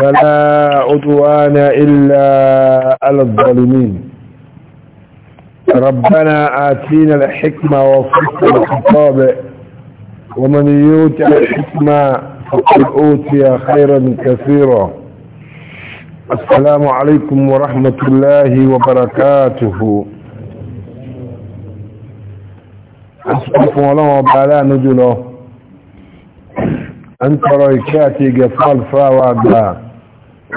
فلا عدوان إلا على الظالمين ربنا آتينا الحكمة وفق الخطاب ومن يوتع الحكمة فقد أوتي خيرا كثيرا السلام عليكم ورحمة الله وبركاته أسفل الله وبعلا نجله an tọrọ ìkẹ́ àti ìgẹ̀ fún alfáwà gbà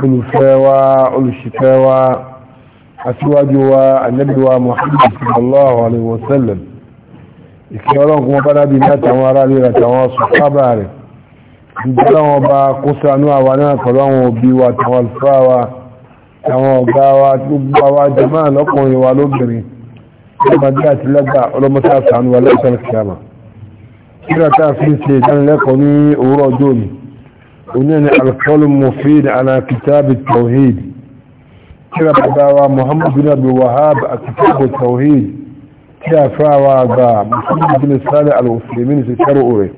olùfẹ́wà olùṣìfẹ́wà aṣíwájú wa annabiwa muhammad sallallahu alaihi wasallam ìkẹ́ ọlọ́run kuma bá dábí látàwọn ará lè ràtàwọn sùfábà rẹ̀ ìjọlọ́wọ́n bá kó sánú àwa náà pẹ̀lú àwọn òbí wa tàwọn alfáwà tàwọn ọ̀gá wa gbogbo jama'a lọ́kùnrin wa lóbìnrin ọmọdé àti lẹ́gbà ọlọ́mọdé àti àwọn alẹ́sàn kìámà kíra tá a fi ṣe ìdánilẹ́kọ̀ọ́ ní òwúrọ̀ ọjọ́ òní oníyàní alkọlù mufid ala kitabi tawhid kíra bàbá wa muhammad bin abdul wahab a kitabu tawhid kí a fa wa gba muhammad bin sali al-uslimin ti ṣarò rẹ̀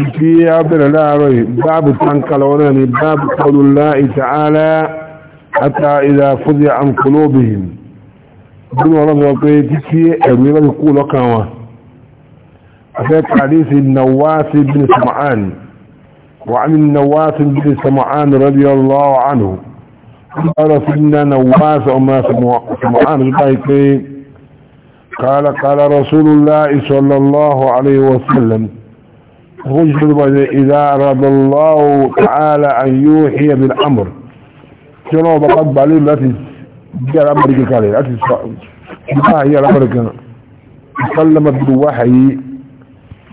ìfi ya bẹ̀rẹ̀ láàárọ̀ báàbù tán kalawọ́nà ni báàbù kọlù láì ta'ala hata ìdá fúzi an bí wọn lọ́wọ́ pé títí ẹ̀rù yẹ́ bá ti kú lọ́kàn wọn أفات حديث النواس بن سمعان وعن النواس بن سمعان رضي الله عنه قال سيدنا نواس وما سمعان قال قال رسول الله صلى الله عليه وسلم إذا أراد الله تعالى أن يوحي بالأمر شنو بقب عليه التي جاء الأمر كالي لا هي الأمر كان سلمت بالوحي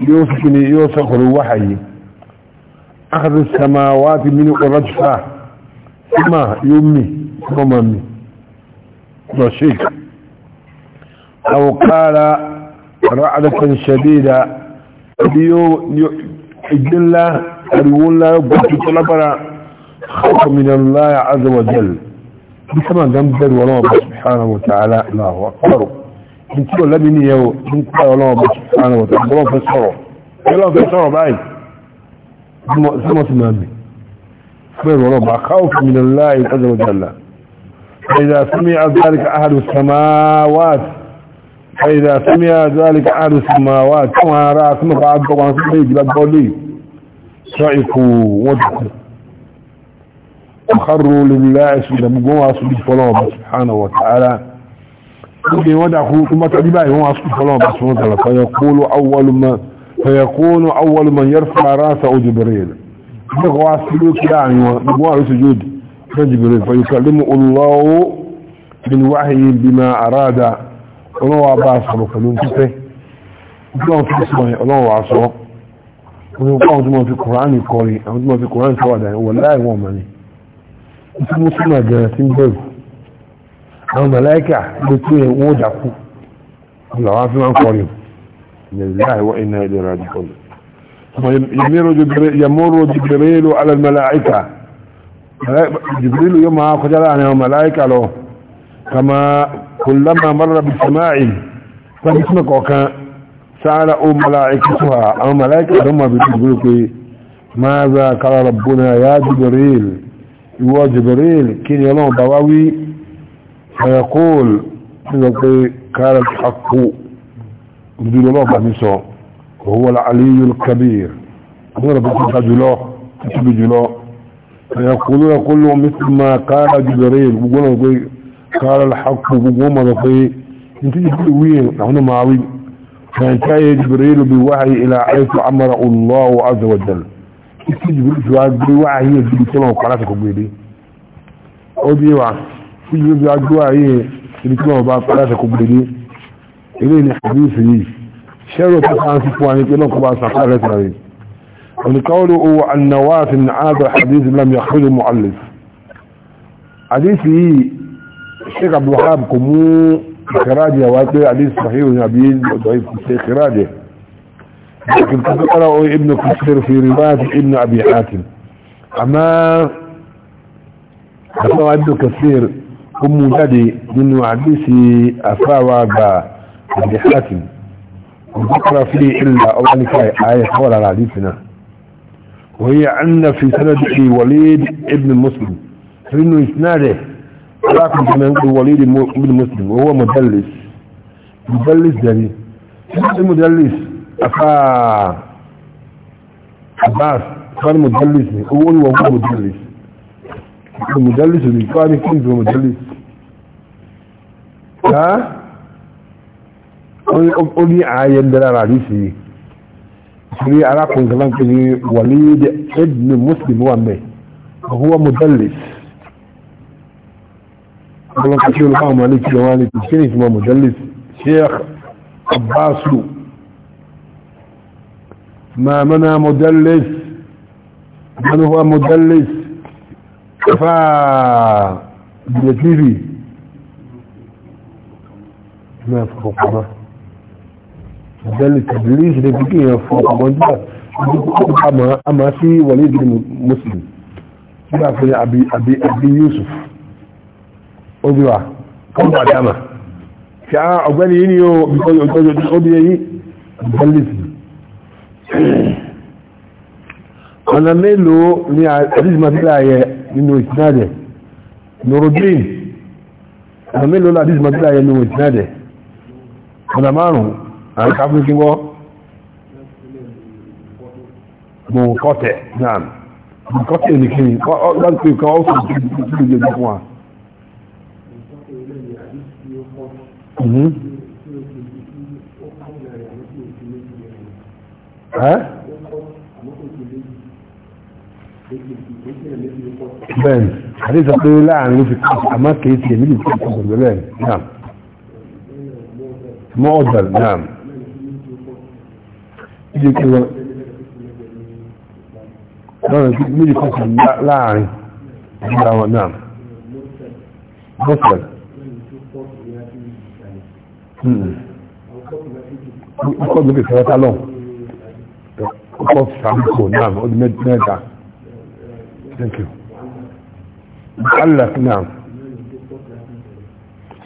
يوسكني يوفق الوحي أخذ السماوات من الرجفة سماء يمي سما أمي رشيك أو قال رعدة شديدة يو إجل الله أريو الله يبقى طلبنا خوف من الله عز وجل بسما جنبا ونوبة سبحانه وتعالى الله أكبره nítí ò lẹ́bí ní ẹwọ nípa ọlọ́ọ̀bọ̀ àwọn ọ̀tọ̀ ọlọ́ọ̀fẹ́ sọ̀rọ̀ ọlọ́ọ̀fẹ́ sọ̀rọ̀ báyìí sọ́mọ̀tì máa bì bẹ́ẹ̀rọ ọlọ́ọ̀bà káwọ̀fù mi láì ọjọ́jọ́lá فإذا سمع ذلك أهل السماوات فإذا سمع ذلك أهل السماوات كما رأى كما بعد طبعا سمعي جلال قولي شعقوا وضعوا وخروا لله سبحانه وتعالى gbogbo wọn dà kú kuma tàbí báyìí wọn wá sùn fọlọ́ ọba sùn tàlà fayakulu awwaluma fayakunu awwaluma yarfa rasa o jibril bí kò wá sí lókè láàrin wọn gbogbo wọn àrùsù yóò di fún jibril fayukallimu Allahu bin wahyi bima arada ọlọ́wọ́ wa bá a sọ̀rọ̀ pẹ̀lú nkúfẹ́ ọlọ́wọ́ fi sọ yẹn ọlọ́wọ́ wa wọn kọ́ àwọn tó máa fi kùránì kọrin àwọn tó máa fi kùránì sọ́wọ́dà wọ̀láì wọn mọ̀ ni. Ìtumọ̀ sínú àjẹrẹ sí ń àwọn mẹ́láíkà ló tí ẹ̀ wọ́n dákú làwọn fi wọ́n kọrin níláì wọ́n iná ilẹ̀ rẹ̀ dìkọ́ yàmúrò jìbìrìlù alàmẹ́láíkà jìbìrìlù yóò máa kọjá láàrin àwọn mẹ́láíkà lọ kama kùlọ́mà mara bí sama'i tàbí sínú kọ̀ọ̀kan sára o mẹ́láíkà tó ha àwọn mẹ́láíkà ló máa bí jìbìrìlù pé máa za kára rabbuna ya jìbìrìlù ìwọ jìbìrìlù kí ni ọlọ́run bá wá wí فيقول كان الحق بدون الله بحمسه وهو العلي الكبير ضرب جلوه تتب جلوه فيقولون كلهم مثل ما قال جبريل يقولون قال الحق بقوم ضفي انت جبريل وين نحن معاوين فانتهى جبريل بوحي الى عيسى امر الله عز وجل انت جبريل بوحي يجب سنة وقناتك بيدي او واحد tí yóò bí agbó ayé ibi tí wọ́n bá padà sẹ́kù gbèdé ilé ní àbíyèsí yìí ṣẹ́rọ tó sáà sí fún wa ní pé náà kó bá sàkà rẹ̀ sàrẹ̀ oníkàwọ́lù owó annáwáàtì ní àádọ́ àdíyèsí lam yàkúrò mu'allif àdíyèsí yìí sheikh abdulhab kò mú ìkìrájì àwọn pé àdíyèsí sahihu ní àbí ọ̀dọ̀ كثير في رواية ابن أبي أما أما ابن كثير هم جدي من عديس أفاوى بأبي حاتم وذكر فيه إلا أولئك آية حول العديثنا وهي أن في سنده وليد ابن مسلم فإنه إسناده لكن كما يقول وليد ابن مسلم وهو مدلس مدلس جدي المدلس أفا عباس كان مدلس هو وهو مدلس المدلس اللي كان يكون مدلس ó ní ààyè ndẹ́rẹ́ ara rí sí rí arákùnrin kan láti ní Walid ibn Muslim wà mẹ́ huwa mudallis ọlọ́n kàtí olùkọ́ àwọn alẹ́kí lọ́wọ́ alẹ́kí kí ni ìtumọ̀ mudallis Sheikh Abbasu ma mana mudallis náà fọkànmá àbẹ́lì tàbílì ìṣẹ̀lẹ̀ bí kéèyàn fọkànmá nígbà tó àmà àmà sí wọlé ìdílé mùsùlùmí nígbà fún àbí àbí àbí Yusuf obìwà kọ́ńtà àdámà kí a ọ̀gbẹ́ni yìí ni ó ọjọ́ ọdún yẹn yìí àbẹ́lì sí ọ̀nà mélòó ni àdíjì máa fi láàyè nínú ìsinádẹ̀ nùrùdín ọ̀nà mélòó ni àdíjì máa fi nínú ìsinádẹ̀ ọ̀nà márùn-ún àwọn káfíńkí wọ́ mọ̀kọ́tẹ̀ náà mọ̀kọ́tẹ̀ nìkiri láti kọ́ ọ́sùn tí ó ti lè fún wa mm-hmm. bẹ́ẹ̀ àdéjọ́ pé láàrin ló fi kọ́ àmọ́ kìí ti èmi lè fi ọkọ̀ pẹ̀lú bẹ́ẹ̀ náà معدل نعم يجي كذا لا يجي فصل لا لا عين لا نعم مثلا أخذ لك ثلاثة لون أخذ سعيكو نعم أخذ ميدا thank you معلق نعم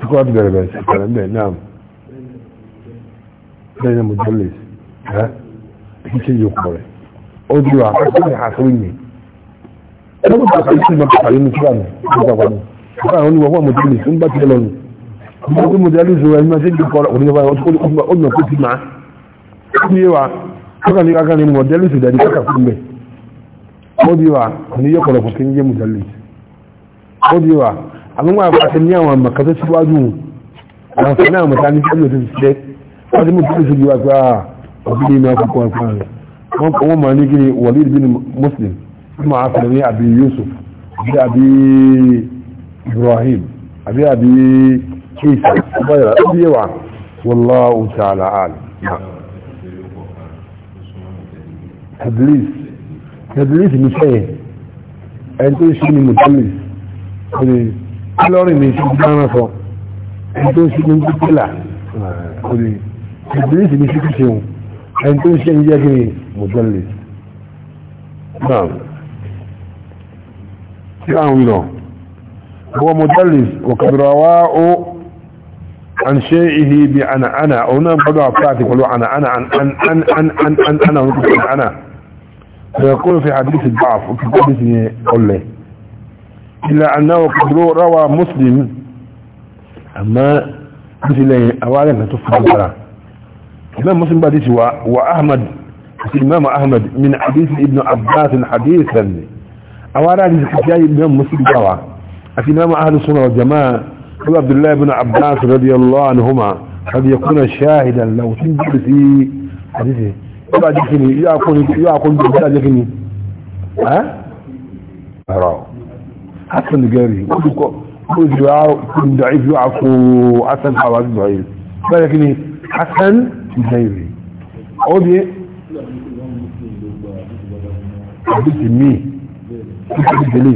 شكرا بيربس نعم بين مجلس ها شيء يقبل ادعو عقلي حاسبني انا بدي اقول شيء ما بتعلمني كمان انا هو مجلس ان بتلون هو مجلس هو ما زين يقرا وني بقى ادخل قلنا كنت معاه ايوه كان كان مجلس ده كده كان odiwa ni yóò kọ̀rọ̀ fún yé mùsàlì odiwa àwọn àwọn àfàṣẹ ní àwọn àmàkàtọ́ síwájú àwọn àfàṣẹ náà mọ̀ta ní sẹ́lẹ̀ tó ti ṣẹ́ wọ́n ti mú kí lóṣù yíwá pé ọ̀bí ní ìmọ̀ kọ́kọ́ ẹ̀kọ́ rẹ̀ wọ́n mọ̀ ní kíni Walid bin Muslim wọ́n máa fẹ̀rẹ̀ ní àbí Yusuf àbí àbí Ibrahim àbí àbí Isa ọbọ̀yà àbí yẹwà wallahu ta'ala àlè. Tadlis Tadlis ní sẹ́yìn ẹni tó ń ṣe ni Mutalis lọ́rìn ní ṣe gbáná sọ ẹni tó ń ṣe ni Bukila ìbílẹ̀ sì ní sí kìí ṣeun ẹni tó ń ṣe ń yẹ́ kí ni mọ̀dọ́lẹ̀ náà tí a ń lọ wọ́n mọ̀dọ́lẹ̀ ọ̀kadùrọ̀wá ó an ṣe ihe bí ana ana ọ̀nà gbọ́dọ̀ àfáàtì pẹ̀lú ana ana ana rúkú ana فيقول في حديث الضعف وفي حديث قله إلا أنه قد روى مسلم أما مثل أولا تفضل الإمام مسلم باديش وأحمد الإمام أحمد من حديث ابن عباس حديثا أو أرى هذه الحكاية الإمام مسلم جوا الإمام أهل السنة والجماعة قال عبد الله بن عباس رضي الله عنهما قد يكون شاهدا لو تنزل في حديثه يبقى جكني يأكل يأكل بجاء جكني ها أراه حسن جاري كل ضعيف يعفو حسن حوالي ضعيف ولكن حسن ìgbẹ̀rẹ̀ ó bí àdìsí mi títí délé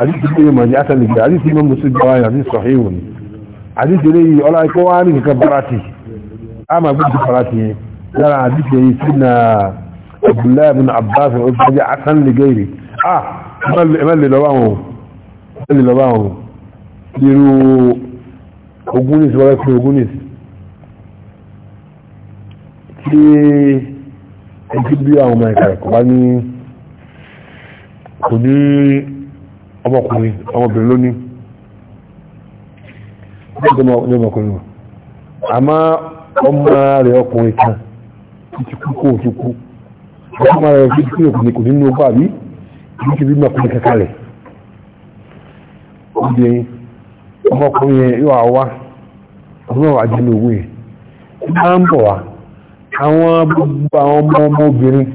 àdìsí mi mọ̀ ní àtàlẹ̀gbẹ̀ àdìsí mi mọ̀ gbọ́ ayà ní sọ̀híwò ni àdìsí lè ọlá ikọ́ wá ní kankan barati a máa gbé ti yẹn lára àdìsí yẹn sí na abdullahi ah lọ́wọ́ àwọn lọ́wọ́ àwọn irú ogún ní ìsìnkú ẹkùn ogún ní tí ẹjú bí àwọn ọmọ ẹ̀ka ẹ̀kọ́ bá ní kò ní ọmọkùnrin ọmọbìnrin lónìí ọjọ́ ní ọmọkùnrin wọn àmọ́ ọmọ rẹ̀ ọkùnrin kan títí kú kó òtún kú ọmọ rẹ̀ títí kú òkùnrin kò nínú ọgbà bí ìdíkì bí ọmọkùnrin kankan rẹ̀ ó ọmọkùnrin yẹn yóò wá ọlọ́wà jùlọ owó ẹ̀ bá ń bọ̀ wá àwọn gbogbo àwọn ọmọ ọmọ obìnrin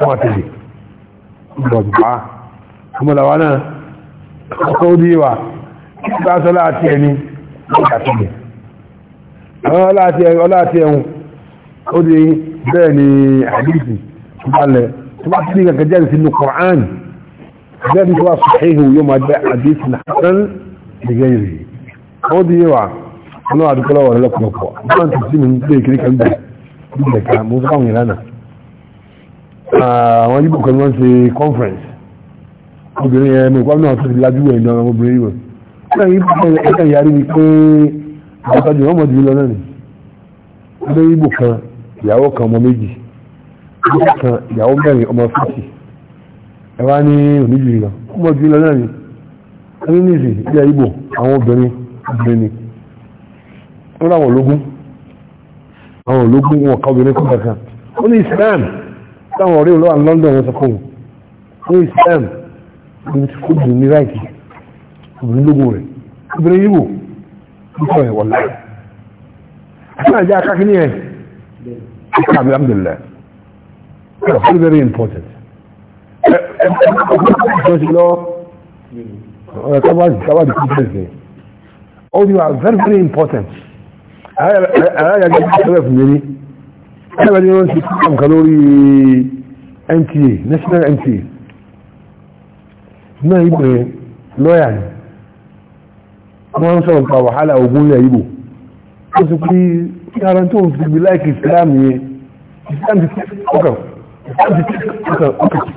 wọ́n tẹ̀lé ìgbọ̀gbà ọmọlàwà náà ọkọ̀ ó díwà bá sọ láti ẹni ìgbàtọ̀lẹ̀ ọláti ẹ̀hùn ó di bẹ́ẹ̀ ni àdíjì tó bá lẹ̀ tó bá sí ní kẹkẹ jẹ́ ìsinmi Kùránì ذلك هو صحيح يوم حديث حسن لغيره هو دي يوعى أنا أعرف كلا ولا لكم أقوى ما أنت تسمي من ذلك لك عندك عندك مصغم لنا wọ́n yíbò kan wọ́n ṣe conference obìnrin ẹ̀ mẹ́kọ́ náà tó ti lájú ẹ̀ náà obìnrin ìwọ̀n náà yíbò kan ẹ̀kẹ́ yarí ni pé àtàjù wọ́n mọ̀jú lọ náà ni ọdún yíbò kan ìyàwó kan ọmọ méjì kan ìyàwó mẹ́rin ọmọ fífì ẹ̀wá ní oníjì ìlọ ọmọ ìjì ìlọ náà ni kánínìsì ilẹ̀ Ìgbò àwọn obìnrin obìnrin ni wọ́n láwọn ológun àwọn ológun wọn ká obìnrin kọ́ kankan ó ní Islam táwọn ọ̀rẹ́ olówà London wọn sọ fún wọn ó ní Islam obìnrin ti kó obìnrin ní ráìtì obìnrin lógún rẹ̀ obìnrin Ìgbò ń sọ ẹ̀wọ̀n láì àti àjẹ́ akákiní ẹ̀ ìkàmì alhamdulillah that's very important all uh, oh, you are very very important alájàgbé ìṣẹ́lẹ̀ fún yẹrí ẹgbẹ́ ni wọ́n ti kọ́ nǹkan lórí NTA national NTA náà ibò lọ́yà ni wọ́n sọ̀rọ̀ pa wàhálà ogun ilẹ̀ ibò ó sì pé yàrá tó ń fi bí láìkì Islam yẹn Islam ti fi ọkàn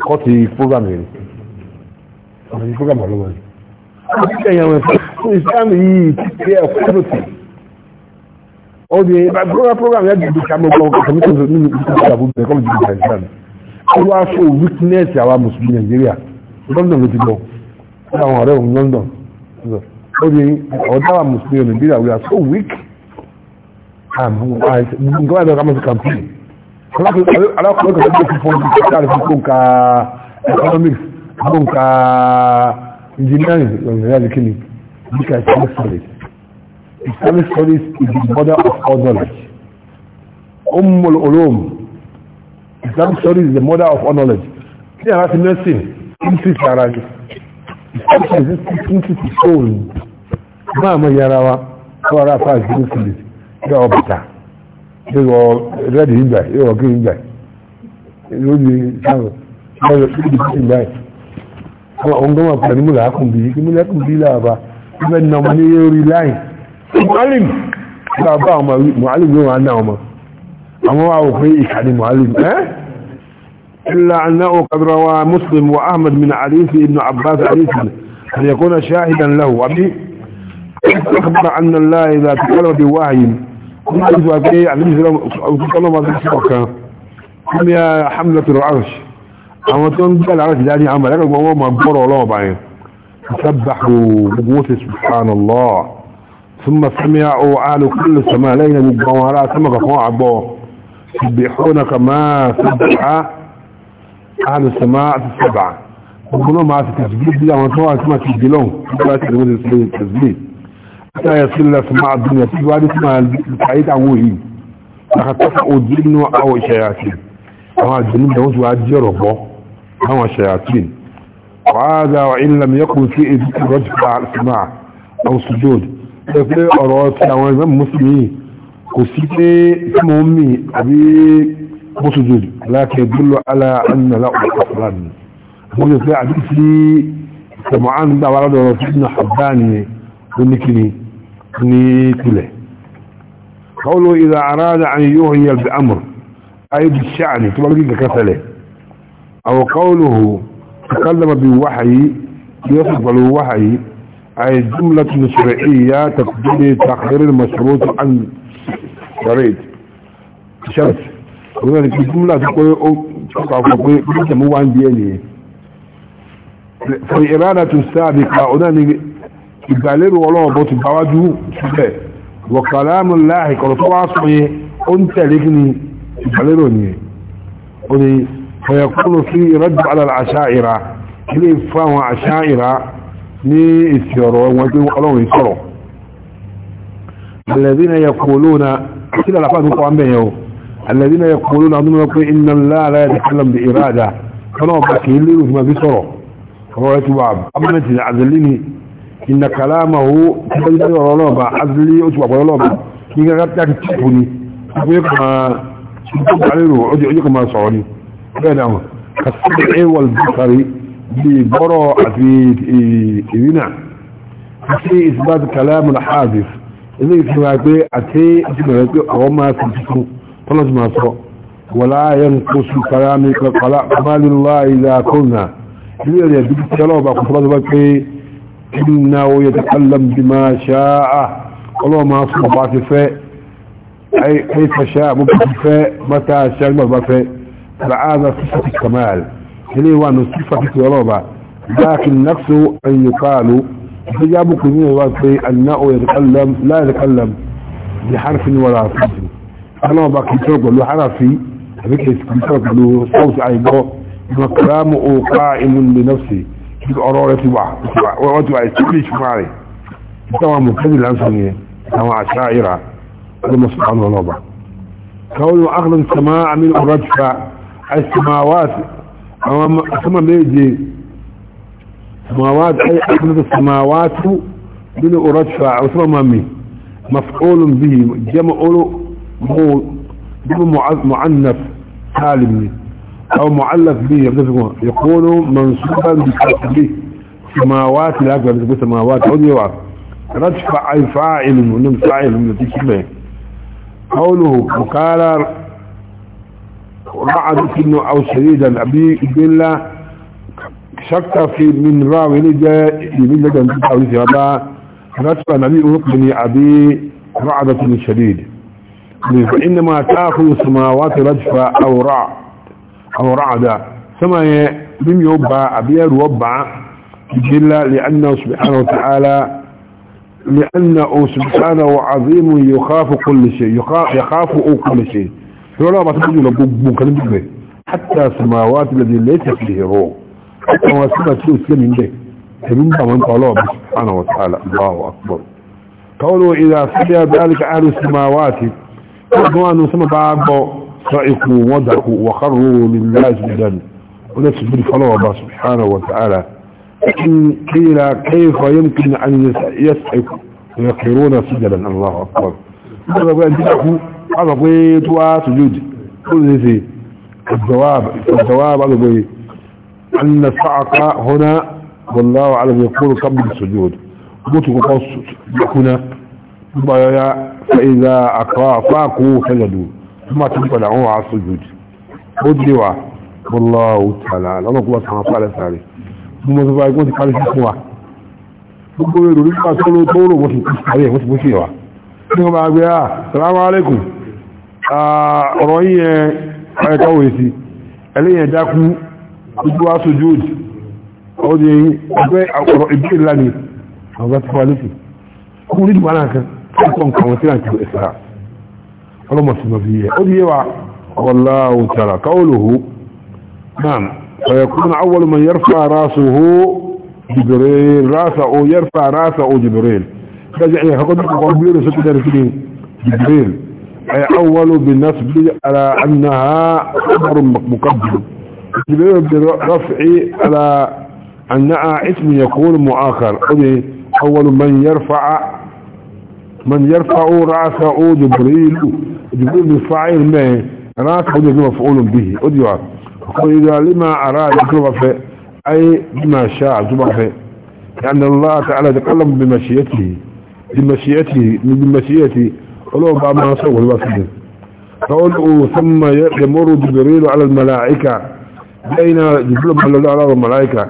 kọ́ ti program yẹn ọ̀rọ̀ yìí program ọ̀lọ́wọ́ yìí ọ̀rọ̀ yìí ẹ̀yàn fún islam yìí ti ẹ̀kọ́ lóti ọdún yìí program program yẹn dìbò kàmọ́ gbọ́n kàmí tó ní ìpínlẹ̀ àbúrò ẹ̀kọ́ lóti dìbò islam ọwọ́ aṣọ weakness àwa mùsùlùmí nàìjíríà london ló ti gbọ́ ọ̀rọ̀ àwọn ọ̀rẹ́ òun london ọdún yìí ọ̀dọ́ àwa mùsùlùmí nàìjíríà we are so weak nǹkan wà lọ́kàmọ́sí campaign alákùnrin kan tó fún káàrí fún kóǹkà economics kóǹkà engineering lọ́nà kí ni bíkà islamic studies islamic studies is the mother of all knowledge ummul ulum islamic studies is the mother of all knowledge kí ara ti nursing increase ara ni islamic studies increase the soul máa mọ yàrá wa kó ara fà ìsinmi sílẹ̀ kí ọ bàtà yíwọ rẹ́dì nígbà yíwọ kí nígbà lórí sáwọn lọ́yọ̀ tó dìbò nígbà yìí àwọn ọ̀hún gọ́mà pẹ̀lú múlá kùn bí kí múlá kùn bí làbà ibẹ̀ nà mọ́ ní orí láì mọ́lìm làbà ọmọ mọ́lìm ló wà ná ọmọ àwọn wa ò pé ìkàdé mọ́lìm ẹ́ إلا أنه قد روى مسلم وأحمد من عريف ابن عباس عريف أن يكون شاهدا له أبي أخبر أن الله إذا تكلم بوحي كما يجب أبيه عليه السلام وكما ما ذكرك كم يا حملة العرش أما تنبع العرش داني عمل لكن هو مبور الله بعين سبحوا بقوة سبحان الله ثم سمع آل كل سماء لين مجمورات ثم قفوا عبوا سبحون كما سبح أهل السماء السبعة وكلهم مع التسجيل دي عملتوها كما تسجلون ثلاثة تسجيل táyà sílẹ̀ sọmọ àdúnyà tí wáyé tí máa lùkàyé àwọn òyìn àkàtọ́fà òdí nínú àwọn ìṣẹ̀yàtì àwọn àjẹ̀nú ìdánwò tí wáyé jẹ́ ọ̀rọ̀bọ́ àwọn ìṣẹ̀yàtì wàhálà ìlànà miyọ́kùn sí èdè tí rọ́jì pa sọmọ àwọn sùdóòd ẹ pé ọ̀rọ̀ ti àwọn ìmọ̀ mùsùlùmí kò sí pé tí mo ń mì àbí mùsùlùmí aláàkẹ́ نيتله قوله إذا أراد أن يغني بأمر أي بالشعر كما لقيت كثله أو قوله تكلم بالوحي يصف الوحي أي جملة شرعية تقدير تقدير المشروط عن شريط شرط وذلك الجملة تقول تقول مو عندي فالإرادة السابقة أنني ìgbàlérò ọlọ́run bó ti báwájú síbẹ̀ wọ̀kàlámù láàyè kọ̀rọ̀ tó wá sọ yẹ ó ń tẹ̀lé kí ni ìgbàlérò nìyẹn ó ní fẹ̀yẹ̀kúnnù sí ìrọ́jù alàlà àṣà ìra ilé ìfọ́ àwọn àṣà ìra ní èsì ọ̀rọ̀ wọn pé ọlọ́run ìsọ̀rọ̀ alẹ́bínà yẹ kòóló na kí lọ́la sọ̀rọ̀ إن كلامه تبين رلوبا عزلي أتبع رلوبا كيف قد تكتبني ويقما سنتم عليه عدي عدي كما سعوني بينهم كالسبع والبصر ببرع في إبناء في إثبات كلام الحادث إذا يتبعي أتي أتبعي أغمى سنتكم طلج ما سعو ولا ينقص كلامك قلق مال الله إذا كنا إذا يجب أن يبقى كفرات بكي إنه يتكلم بما شاء الله ما صبعت فيه أي كيف شاء ممكن فيه متى شاء ما فيه العادة صفة الكمال هلي وانو صفة الكلوبة لكن نفسه أن يقال فجابوا كثير الوقت أنه يتكلم لا يتكلم بحرف ولا صوت أنا باكي تربى له حرفي بكي تربى له صوت عيبه وكلامه قائم بنفسه ọ̀rọ̀ rẹ̀ ti wà wọ́n ti wà establish fún ààrẹ ìtàwọn mùsùlùmí lásán ni àwọn àṣà ìrà ọlọ́mọsùlùmí ọlọ́ba kawai akhlan sama'a min urajfa as-samawat sama meje samawat ay akhlan samawat min urajfa aw sama mami مفعول به جمع له معنف سالم او معلق به يقول منصوبا بكتبه سماوات الاكبر بكتبه سماوات أو يوعد رجف اي فاعل ونم فاعل من تسمه قوله وقال رعد سنه او شديدا ابي بلا شك في من راوي لجا يمين لجا من تاويل سيابا رجف نبي رقمني ابي رعدة شديد فإنما تأخذ سماوات رجفة أو رع أو رعدا سما لم يوبع أبيار وبع إلا لأنه سبحانه وتعالى لأنه سبحانه وعظيم يخاف كل شيء يخاف, يخاف كل شيء فلا ما تقول له ممكن حتى السماوات الذي ليس فيه روح حتى ما سمى تلو من ده من من طلاب سبحانه وتعالى الله أكبر قولوا إذا سجد ذلك أهل السماوات فقوانوا سمى بعض صعقوا وضحوا وخروا لله جدا ونسب بالفلوة الله سبحانه وتعالى لكن قيل كيف يمكن أن يسعق ويقرون سجدا الله أكبر ماذا بأن أن على ضيط وسجود كل ذي الجواب الجواب ضيط أن الصعق هنا والله أعلم يقول قبل السجود مطلق قص هنا فإذا أقرأ فاقوا سجدوا tó máa tún padà wọn wàá sojú ó dé wa wallahu ta'ala lọ́nà kó bá sàn án fàlẹ́ sáré mo mọ̀ sọ́ba ẹgbẹ́ ti kárí sí fún wa gbogbo èrò ní ká tó ló tó rò wọ́n ti kú sáré wọ́n ti kú sí wa ní wọ́n máa gbé à salamu alaikum ọ̀rọ̀ yẹn ọ̀rẹ́tọ́ wòye ẹlẹ́yìn ẹ̀dá kú ojú wa ọdún yìí ọgbẹ́ ọ̀rọ̀ ìbílẹ̀ ńlá ni ọ̀gá ti fọ́ alẹ́sì kú nídìí náà kan kí wọ́n kàn فلما سنفيه أذي يبع والله تعالى قوله نعم ويكون أول من يرفع راسه جبريل راسه يرفع راسه جبريل فجع يخطب قبيل ستدر فيه جبريل أي أول بالنسب على أنها أمر مقدم جبريل برفع على أنها اسم يكون مؤخر أذي أول من يرفع من يرفع رأسه جبريل يقول الفاعل ما أنا أقول لك مفعول به أدعى اذا لما أراد يكتب أي بما شاء تبع لأن الله تعالى تكلم بمشيئته بمشيئته بمشيئته ولو بقى ما صور الوصف فقل ثم يمر جبريل على الملائكة بين جبريل على الملائكة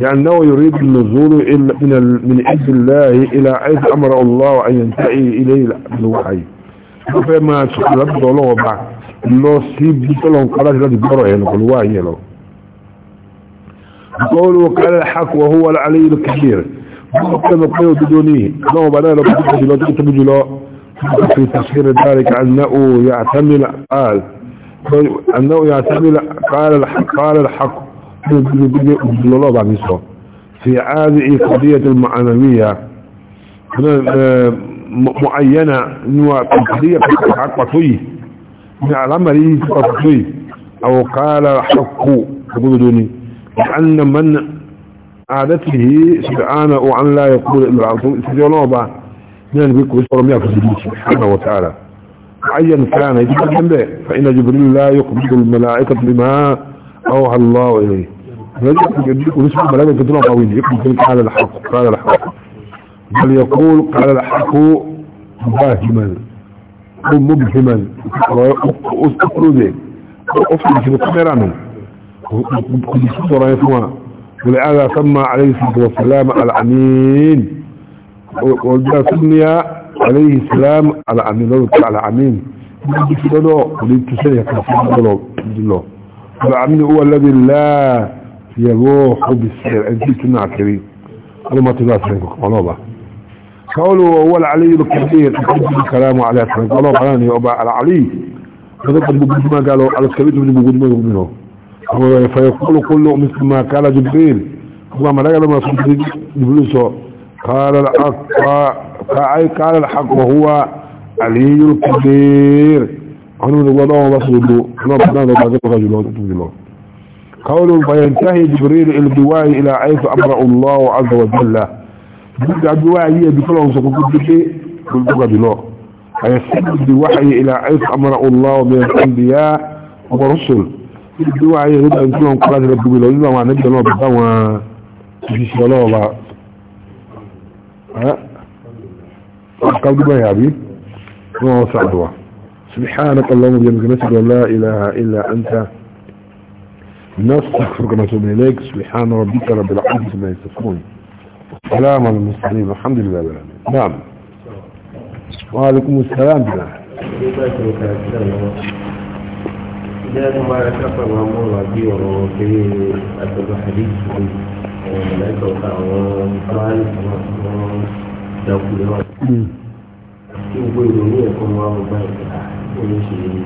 لأنه يريد النزول من عز الله إلى عز أمر الله أن ينتهي إليه بالوحي wọ́n fẹ́ máa sọ̀rọ̀ látọ̀dọ̀ ọlọ́wọ́ bá lọ sí bí tọ́lọ̀n kọ́ láti láti gbọ́rọ̀ ẹ̀nù pẹ̀lú wà yẹn lọ. Bọ́ọ̀lù kálẹ̀ hakùn ọ̀hún wà láàrin ìlú kìíyèrè. Bọ́ọ̀lù kẹ́nu pé òdodo ní ọlọ́wọ́ bá náà lọ bí tó jùlọ tó tóbi jùlọ. في تفسير ذلك أنه يعتمل قال أنه يعتمل قال الحق قال الحق الله بعد في هذه قضية المعنوية معينة نوع تنقضية حق طيه من العمل طيه او قال حق يقول دوني لأن من عادته سبحانه وعن لا يقول إلا العظم استجيب الله بقى نحن بيكو يسرم يفزدين سبحانه وتعالى عين كان يجب به فإن جبريل لا يقبض الملائكة بما أوهى الله إليه فإن جبريل يقبض الملائكة بما أوهى الله إليه يقبض الملائكة بما أوهى الله إليه بل يقول قال الحق مباهما او مبهما اخرجه اخرج بقدر عنه كل صورة يسمع ولهذا سمى عليه الصلاة والسلام العمين وجاء سمي عليه السلام العمين لو على عمين العمين هو الذي لا يروح بالسير انت تنعكري وما تبعث لك الله قوله هو العلي الكبير يقدم الكلام على سنة قالوا بلاني أبا العلي فذكر بقدما قالوا على الكبير من بقدما منه فيقول كله مثل ما قال جبريل هو ما ملاك لما صدق جبريل قال الحق قال الحق وهو علي الكبير أنا من الله الله سبحانه أنا بنا ذلك رجل قوله فينتهي جبريل الدواء إلى حيث أمر الله عز وجل بدأ بوعي بكلهم سقطت بلو بوحي إلى الله من الأنبياء ورسل بوعي أن كلهم بلو ما نبدأ ها يا سعدوا سبحانك اللهم بيامك نسك لا إله إلا أنت نستغفرك ونتوب إليك سبحان ربك رب العالمين ما يصفون السلام على المسلمين الحمد لله رب العالمين نعم وعليكم السلام بنا نعم. لازم ما كفر مامور بي وفي أتبع حديث ملائكة وطعوان قال لو كل وقت يقول لي يكون مامور بي وليش يجب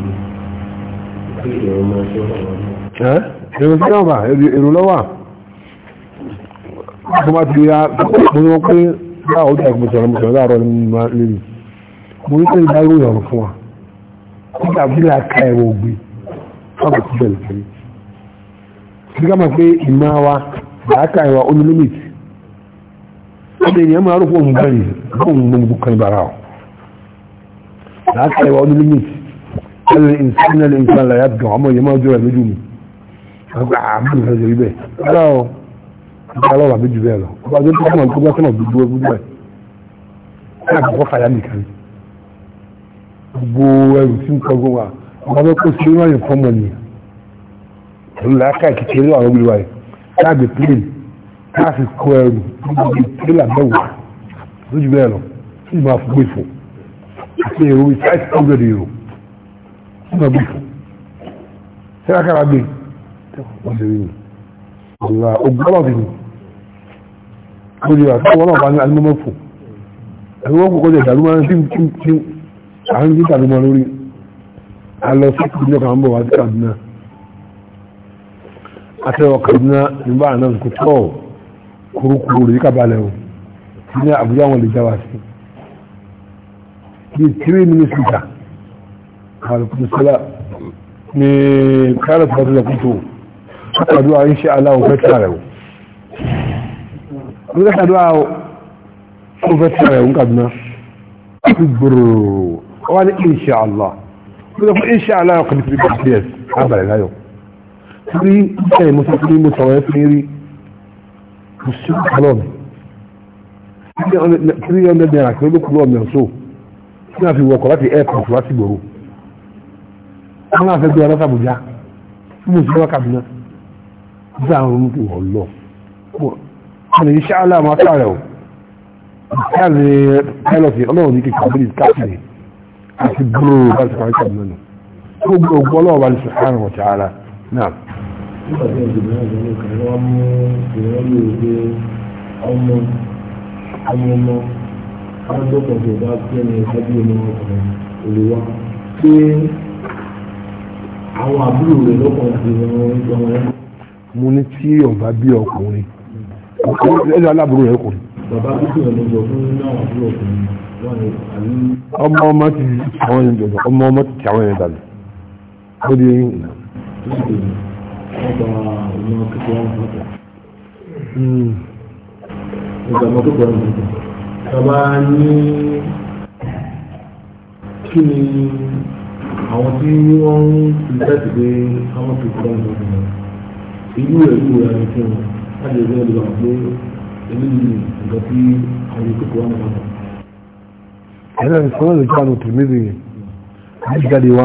في يوم ما شاء الله ها؟ يوم ما شاء الله يقولوا له tó bá ti rí mo ní wọ́n pé láà ó dàgbé sọ̀rọ̀ mo sọ̀rọ̀ láàárọ̀ nínú lórí mo ní sẹ́yìn bá ròyìn ọ̀rọ̀ fún wa nígbà bí là ká ẹ̀rọ ògbé fáwọn ti bẹ̀rẹ̀ pẹ̀lú bí ká máa pé ìmọ̀ wa là ká ẹ̀rọ ó ní límìtì ó lè yẹn máa rò fún òun bẹ́ẹ̀ yìí fún òun gbogbo kan ìbára o là ká ẹ̀rọ ó ní límìtì ẹ̀rọ ìsìnkú náà lè ń sàn láyà dùn ọmọ yẹn máa jọ ẹ̀ lójú mi àgbà àmì ìfẹ́ ìgbàlọ́ wà méjì bẹ́ẹ̀ lọ ọba tó tó kọ́nà gbogbo kọ́nà gbogbo gbogbo ẹ̀ ní àkọ́kọ́ fàyà nìkan gbogbo ẹrù tí ń kọ́ gbogbo wa ọba tó kó sí ní wáyé fọ́mọ ni ẹ̀rù làákà kékeré wà lóbi wáyé káàdì plane káàfi kó ẹrù gbogbo tírélà mẹ́wàá lójú bẹ́ẹ̀ lọ sí ìmọ̀ àfúgbò ìfò àti èrò bíi five ni ó di àti wọn náà bá ní alimọ́mọ́fò alimọ́mọ́fò kọjá ìdàlúmọ́ tí tí tí à ń gbé ìdàlúmọ́ lórí alọ sí ìdílé kan bọ̀ wá sí Kaduna àtẹwọ̀ Kaduna nígbà náà kò tọ́ kurukuru rèé kabalẹ̀ o ní Abuja wọn lè já wa sí bí three minutes later alaikum salam ne kare fadila kuto haka zuwa insha Allah wa fata rayu ní ká sàdúrà ó ó fẹ́ tẹ̀lé ń kàdúná ti gbòòrò ó wá ní insha allah ó sọ fún insha allah ọkọ̀ ní three point three years àbàlẹ̀ láyọ̀ torí bẹ́ẹ̀ mo sọ fún mi mo sọ̀rọ̀ ẹ́ fún rí mo sì ń kọ́ lọ́ọ̀mì three hundred naira wọ́n láti airport wá sí gbòòrò wọ́n náà fẹ́ àwọn ọmọ mi ọ̀nà iṣẹ́ aláàmà káàrẹ̀ àwọn àbúrò rẹ̀ lọ́kùnrin àti ìrìn àwọn ẹgbẹ́ mo ní tí ọba bí ọkùnrin ẹ̀dá aláàbúrò rẹ̀ kùn. ọmọ ọmọ ti àwọn ẹni dọ̀dọ̀ ọmọ ọmọ ti àwọn ẹni dànù ó di eyín ìlà. Hmm. Bàbá ní kí ni àwọn tí wọ́n ń fi tẹ́sí pé àwọn kìí kọ́ ọ̀dọ́ ìlú ẹ̀lú ẹ̀rọ fún wọn. láti ẹgbẹ́ ìlú àwọn pé èmi ní nǹkan tí àwọn ìkókò wà nípa náà. ẹ̀rọ ìfọwọ́ lè jáde tìrìmìrì yìí jáde wá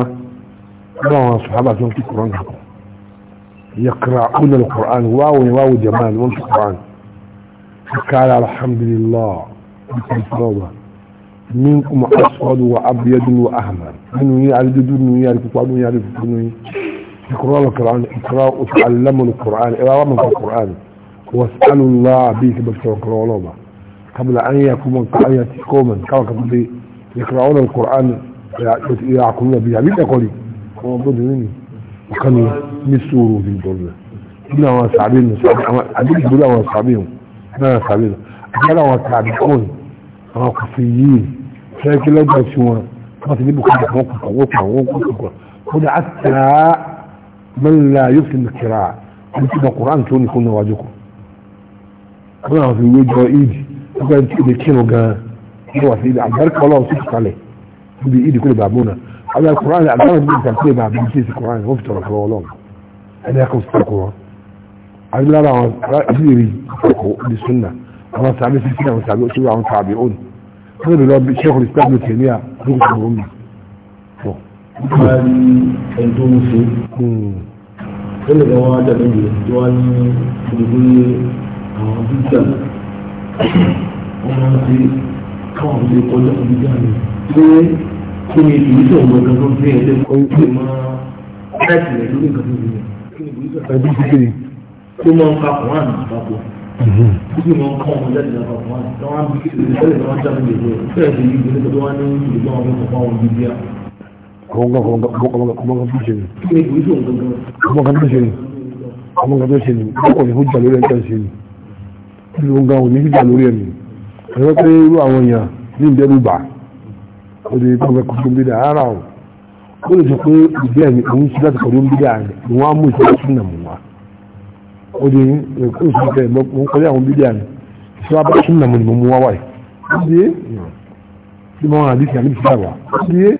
lọ́wọ́ àwọn sàhábà tó ń kí kùrán kà kọ́ يقرؤون القرآن واو واو جمال وانت القرآن فقال الحمد لله بكل صلوة منكم أسود وأبيض وأحمر منو يعرف دون يعرف قانون يعرف دون يقرأ القرآن اقرأ وتعلموا القرآن اقرأ من القرآن واسألوا الله بيك بكتوك العلوبة قبل أن يكون قائية قوما كما قبل يقرأون القرآن يعقلون به عبيد أقولي هو ضد مني وكانوا مسوروا في الدولة إلا هو صعبين عبيد بلا هو صعبين إلا هو صعبين أجل هو صعبين هو كفيين شاكي لا جاسوا ما تجيبوا كل موقف وقف وقف هنا حتى من لا يفهم القراءة أنتم القرآن توني كنا واجهكم àwọn àwọn fi wéjọ ìdì nígbà tí èdè kírun gan ní wà sí ìdí àgbàríkà ọlọ́run sì kalẹ̀ níbi ìdì kúrò bàbá náà àwọn akùnrin àgbàríkà ìdí kan kúrò bàbá ní kéèsì kùnrin wọ́n fi tọrọ fún ọlọ́run ẹni akọ̀ sí ọkọ̀ wọn. àti lára àwọn ìdíyèrè ọkọ̀ ní súnà àwọn sàbí sí àwọn sàbí ó ṣòro àwọn sàbí òun fún ìlú lọ́bí ṣẹ́kù ní sábì tèmi à àwọn dídà ọmọ ti káwọn ti kọjá dídà ni pé kí ni ìgbésẹ̀ ọmọ kan tó gbé ẹlẹ́ kọ́ ìpè máa láti rẹ̀ lórí nǹkan tó gbé kí ni ìgbésẹ̀ ọmọ kan tó máa ń ka kùnrin àná àpapọ̀ kí ni wọ́n kọ́ ọmọ jáde náà kọ̀ọ̀kan náà wọ́n á bí kí ni ìgbésẹ̀ náà jáde lè lọ bẹ́ẹ̀ ni ìgbésẹ̀ tó wá ní ìgbésẹ̀ ọmọ wọn bí bíyà kuma kan tó ṣe ni kuma kan tó ṣe ni kuma kan tó ṣe ni kuma kan tó ṣe ni kuma kan tó ṣe ni ní wọn gan òní gbígbà lórí ẹ̀mí ẹ̀rọ pé irú àwọn èèyàn ní ìdẹ́rù bà ó lè tọ́ ẹ̀kọ́ tó ń bídà ara o ó lè sọ pé ìdí ẹ̀mí òun sí láti pẹ̀lú bídà rẹ̀ ni wọ́n á mú ìṣẹ́ sí nà mú wa ó lè kó sí ìfẹ́ mọ́ kọ́lé àwọn bídà rẹ̀ sí wa bá sí nà mú ni mo mú wá wáyé ó lè bí wọ́n àdìsí